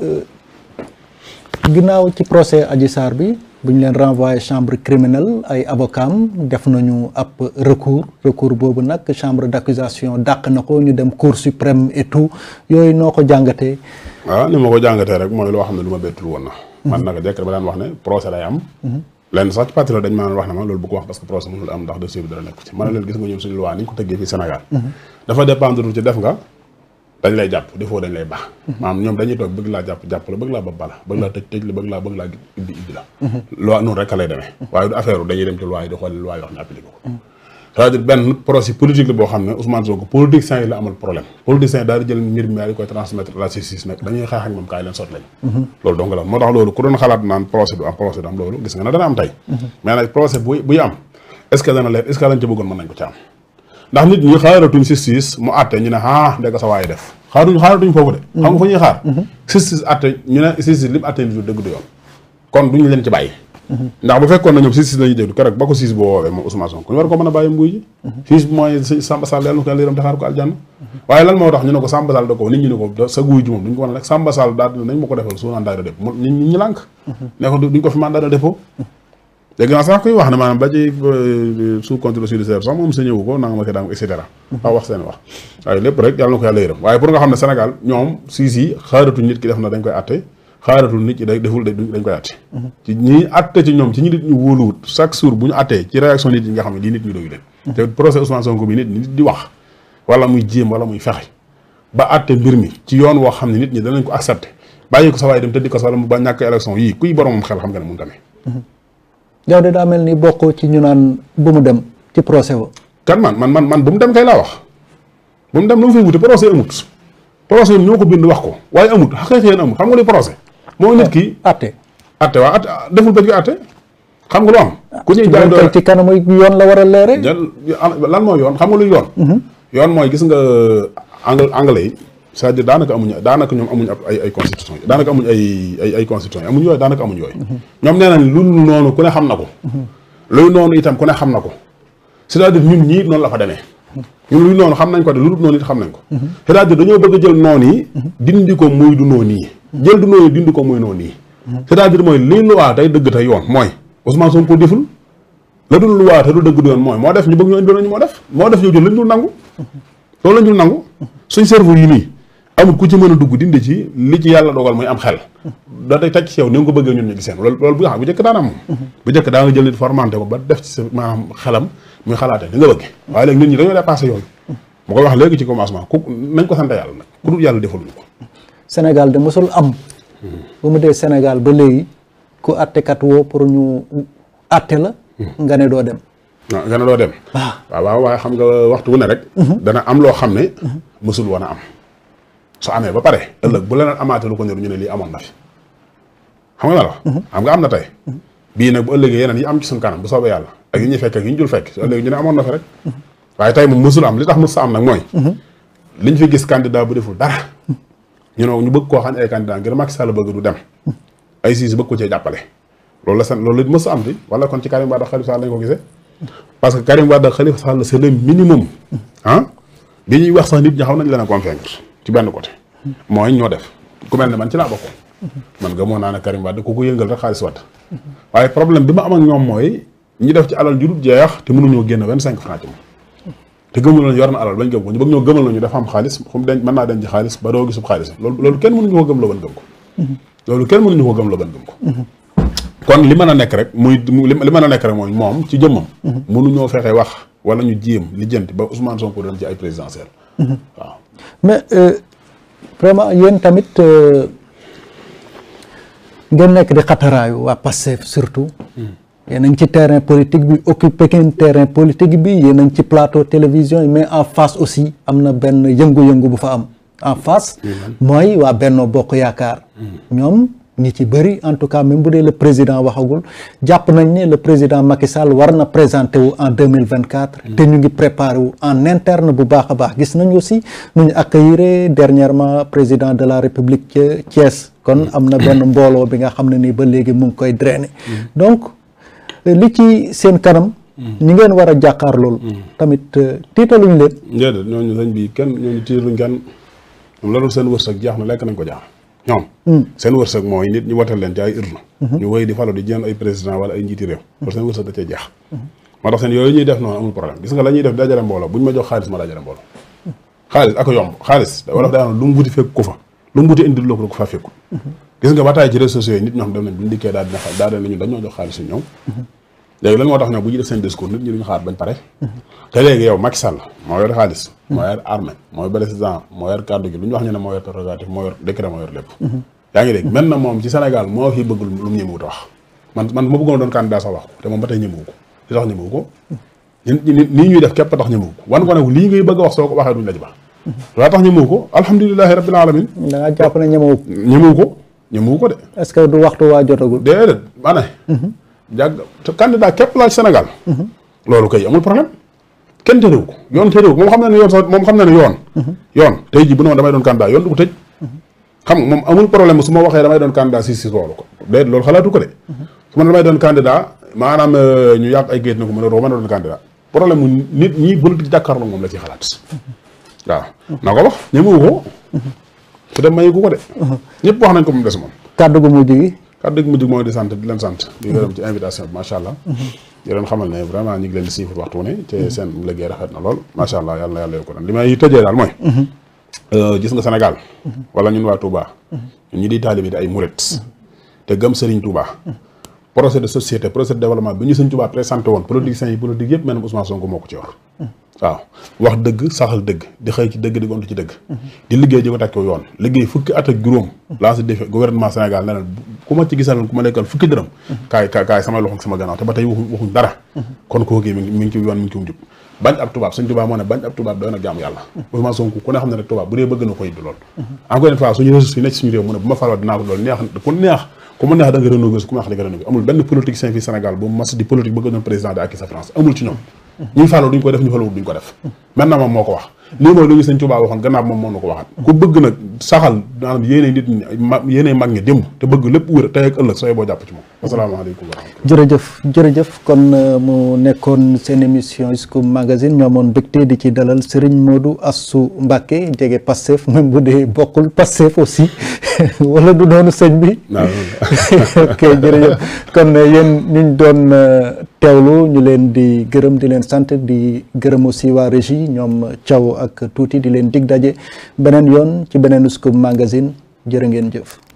Euh, ginnaaw ci procès Adji Sarr bi bu ñu leen renvoyé chambre criminelle ay avocam def nañu ab recours recours boobu nag chambre d'accusation dàq na ko ñu dem cour suprême et tout yooyu noo ko jàngatee. waaw ah, ni ma ko jàngatee rek mooy loo xam ne lu ma bettul woon na. man naka jekk ba daan wax ne procès lay am. Mhm. lenn sax ci patriote dañ maa wax ne ma loolu bu ko wax parce que procès mënul am ndax dossier bi dara nekku ci. ma ne leen gis nga ñoom suñu loi ni mhm. nga. dañ jàpp defoo dañ baax mhm. maanaam ñoom dañuy toog bëgg laa jàpp jàpp la bëgg laa ba bala bëgg laa tëj tëj la bëgg laa bëgg laa ibbi ibbi la mhm. loi noonu rek lay demee mhm. waaye du affaire dañuy dem ci loi yi di xool loi yoo xam ne appliqué ko c'est-à-dire benn projet politique la boo xam ne Ousmane Sonko politicien yi la amal problème politicien yi daal jël mbir mi di koy transmettre la justice nag dañuy xaax ak moom kaay leen sot lañ loolu donc la moo tax ndax nit ñi xaaratuñ justice mu àtte ñu ne ah ndeka sa def xaaratuñ xaaratuñ foofu de mm-hmm. xam nga fa ñuy xaar mm-hmm. justice àtte ñu ne justice li leen ci bàyyi mm-hmm. ndax bu fekkoon na ñoom siis lañuy déglu keroog ba ko siis bu woowee moom Ousmane Sonko ñu war ko mën a bàyyi mbuy ji siis bu mooy Samba Sall yàlla na ko yàlla yërëm taxaar ko aljanna waaye lan moo tax ñu ne ko Samba Sall da ko nit ñi ne ko sa guy ji moom duñ ko mën a rek Samba Sall daal nañ ma ko defal su mandat de dépôt dégg naa sax wax ne maanaam ba ci euh, sous contrôle judiciaire sax moom sañëwu ko nanga ma see daam et cetera waaw wax seen wax waaye lépp rek yàlla na ko yàlla waaye pour nga xam ne Sénégal ñoom siis yi nit ki def na dañ koy atte xaaratul nit ki day deful dañ koy atte ci ñi atte ci ñoom nit ñu wóoluwut chaque jour bu ñu attee ci réaction nit ñi nga xam ne lii nit ñu doyu leen te procès Ousmane Sonko bi nit nit di wax wala muy jéem wala muy fexe ba atte mbir mi ci yoon woo xam ne nit ñ danañ ko ko sa waay dem tëddi ko sa wala mu ba ñàkk élection yii kuy boromam xel yow de daa mel ni bokkoo ci ñu naan bu mu dem ci procès wa kan man man man man bu mu dem kay laa wax bu mu dem lu mu fay wuti procès amut procès ñoo ko bind wax ko waaye amut xëy amut xam nga li procès mooy nit ki ah, atte atte waa atte deful ba ko atte xam nga lu am ku ñuy jaay doole ci kanamu yoon la war a leere lan mooy yoon xam nga luy yoon mhm. yoon mooy gis nga anglais yi c'est-à-dire daanaka amuñu daanaka ñoom amuñu ay ay constitution yi daanaka amuñu ay ay ay constitution yi amuñu yooyu daanaka amuñu yooyu. Mhm. ñoom nee nañ lu noonu ku ne xam na ko. Mhm. luy noonu itam ku ne xam na ko c'est-à-dire ñun ñii noonu la fa demee. Mhm. ñun luy noonu xam nañ ko de lu dul xam nañ ko. c'est-à-dire dañoo bëgg a jël noonu yi. dindi ko muy du noonu yi. jël du noonu dindi ko muy noonu yi. c'est-à-dire mooy liy luwaa tey dëgg te yoon mooy Ousmane Sonko deful la dul luwaa te du dëgg du yoon mooy moo def ñu bëgg ñu indi nañu moo def moo def ñu jël lañ dul nangu loolu lañ dul nangu suñ cerveau yi nii amul ku ci mën a dugg dindi ci li ci yàlla dogal muy am xel da day teg ci yow ni ko bëggee ñun ñu bi seen loolu bu nga xam bu njëkk daan am bu njëkk daa nga jël nit ko ba def ci sa maanaam xelam muy xalaatee li nga bëgg waaye léegi nit ñi dañoo dépassé yooyu mu koy wax léegi ci commencement ku nañ ko sant yàlla nag ku dul yàlla defaluñu ko Sénégal de mosul am ba mu dee Sénégal ba léegi attekat woo pour ñu atte la nga ne doo dem nga doo dem ah. waaw waaw waaye xam nga waxtu ne rek mhm. dana am loo xam ne mësul woon a am su amee ba pare ëllëg bu leneen amaatee lu ko ñor ñu ne lii amoon na fi xam nga la mhm. xam nga am na tey mhm. bii nag bu ëllëgee yeneen yi am ci suñu kanam bu soobee yàlla ak yi ñuy fekk ak yi ñu dul fekk su ne amoon na fi rek mhm. waaye tey moom mësul am li tax mës sa am nag mooy liñ fi gis candidat bu deful dara ñu ne ñu bëgg koo xam ne ay candidat ngir Macky Sall bëgg du dem ay siis bëgg ko cee jàppale loolu la seen loolu it mës am di wala kon ci Karim Wade ak Khalifa Sall lañ ko gisee minimum ah? bi ñuy wax sax nit ñi xam nañ leen a convaincre ci benn côté. mooy ñoo def ku mel ne man ci laa bokkoon. man gëmoon naa ne Karim Wade ku ko yëngal rek xaalis waat. waaye problème bi ma am ak ñoom mooy ñu def ci alal ju dul jeex te mënuñoo génn vingt cinq franc ci moom. te gëmul nañu yor na alal bañ gëm ko ñu bëgg ñoo gëmal nañu dafa am xaalis xum denc mën naa denc xaalis ba doo gisub xaalis loolu loolu kenn mënuñu ko gëm la ban gëm ko. loolu kenn mënuñu ko gëm la ban gëm ko. kon li mën a nekk rek muy li mën a nekk rek mooy moom ci jëmmam. Mm-hmm. mënuñoo fexe wax wala ñu jéem lijjanti ba Ousmane Sonko dem ci ay présidentielle waaw mais euh, vraiment yéen tamit euh, ngeen nekk di xataraayu waa Pastef surtout. yéen a ci terrain politique bi occupé ngeen terrain politique bi yéen a ci plateau télévision mais en face aussi am na benn yëngu-yëngu bu fa am en face. mooy waa Benno Bokk Yaakaar hmm. ñoom. ñi ci bëri en tout cas même bu dee le président waxagul jàpp nañ ne le président Macky Sall war na présenté wu en deux mille vingt quatre te ñu ngi préparé wu en interne bu baax a baax gis nañ aussi nu ñu accueillir dernièrement président de la République ca Thiès kon am na benn mbooloo bi nga xam ne nii ba léegi mu ngi koy drainer donc li ci seen kanam. ñi ngeen war a jàkkaar loolu tamit euh, tiitaluñ leen déedéet ñooñu lañ bi kenn ñooñu tiitaluñ kenn moom loolu seen wërsëg jeex na lekk nañ ko jaax ñoom hmm. seen wërsëg mooy nit ñu watal leen ci ay urne ñu wéy di falo di jënd ay président wala ay njiiti réew pour seen wërsëg da cee jeex hmm. moo tax seen yooyu ñuy def noonu amul problème gis nga la ñuy def dajale mbooloo buñ ma jox xaalis ma dajale mbooloo hmm. xaalis ak yomb xaalis wala daanoon lu mu wuti fekk ku fa lu mu wuti indi loo gis nga bataay ci réseaux sociaux yi nit ñoo xam dem nañ buñ dikkee daal dina daal dañ la ñu jox xaalis ñu léegi lan moo tax nag bu ñu def seen discours nit ñi duñu xaar bañ pare mhm. te léegi yow Macky moo yor xaalis mhm. moo yor armée moo yor président moo yor kàddu ñu wax ne moo yor prérogative moo yor décret moo yor lépp mhm. yaa ngi dégg mel na moom ci Sénégal moo fi bëgg lu mu ñëmewut a wax man man ma bëggoon doon candidat sax wax ko te moom ba tey ñëmewu ko li ñuy def kepp tax ñëmewu ko wan ko ne lii ngay bëgg a wax soo ko waxee duñu la ci baax laa tax ñëmewu ko alhamdulilahi rabbil alamin da jàpp ne ñëmewu que du waxtu waa jotagul ma jàgg te candidat képp laa senegal loolu kay amul problème kenn tëréw ko yoon tëréw ko moom xam na ne yoon sax moom xam na ne yoon. yoon tey jii bu ne damay doon candidat yoon du ko tëj. xam nga moom amul problème su ma waxee damay doon candidat si si ko déet loolu xalaatu ko de. su ma damay doon candidat maanaam euh, ñu yàq ay géej na ko mën a mën a doon candidat problème mu nit ñi politique jàkkaarloo moom la ci xalaat. waaw na ko wax ñemewu ko. su dem mayu ko de. ñëpp wax nañ ko moom des moom. kàddu gu mujj gi. kàddu gi mujj mooy di sant di leen sant di gërëm ci invitation bi macha allah di leen xamal ne vraiment ñu ngi leen di siifur waxtu wu ne te mhm. seen liggéey rafet na lool macha allah yàlla na yàlla yokk na li may tëjee daal mooy mhm. euh, gis nga Sénégal mhm. wala ñun waa Touba ñun ñi di taalibe di ay murit te gëm Serigne Touba projet de société projet de développement bi ñu Serigne Touba présenté woon politiciens yi politique yëpp mel na Ousmane Sonko moo ko ci wax waaw wax dëgg saxal dëgg di xëy ci dëgg di gont ci dëgg di liggéey jëma teg ko yoon liggéey fukki at ak juróom laa si defee gouvernement Sénégal ne ku ma ku ma nekkal fukki dërëm kaay na jaamu yàlla Ousmane ku ne xam ne ko mu ne amul benn politique saint fi Sénégal bu mas di politique bëgg doon président de Macky Sall France amul ci ñoom ñi falu duñ ko def ñu faluwut duñ ko def maintenant moom moo ko wax lii mooy lu ñu sëñ Tuubaa waxoon gannaaw moom moo ko waxaat ku bëgg nag saxal maanaam yéene nit ñi mag ñi démb te bëgg lépp wér tey ak ëllëg sooy boo jàpp ci moom asalaamaaleykum wa rahmatulah jërëjëf jërëjëf kon euh, mu nekkoon seen émission Scoop Magazine ñu amoon mbégte di ci dalal Serigne Modou Astou Mbacké jege Pastef même bu dee bokkul Pastef aussi wala du noonu sëñ bi ok jërëjëf kon euh, yéen ñu doon euh, teewlu ñu leen di gërëm di leen sant di gërëm aussi waa régie ñoom Thiaw ak tuuti di leen dig daje beneen yoon ci beneen Scoop Magazine jërë ngeen jëf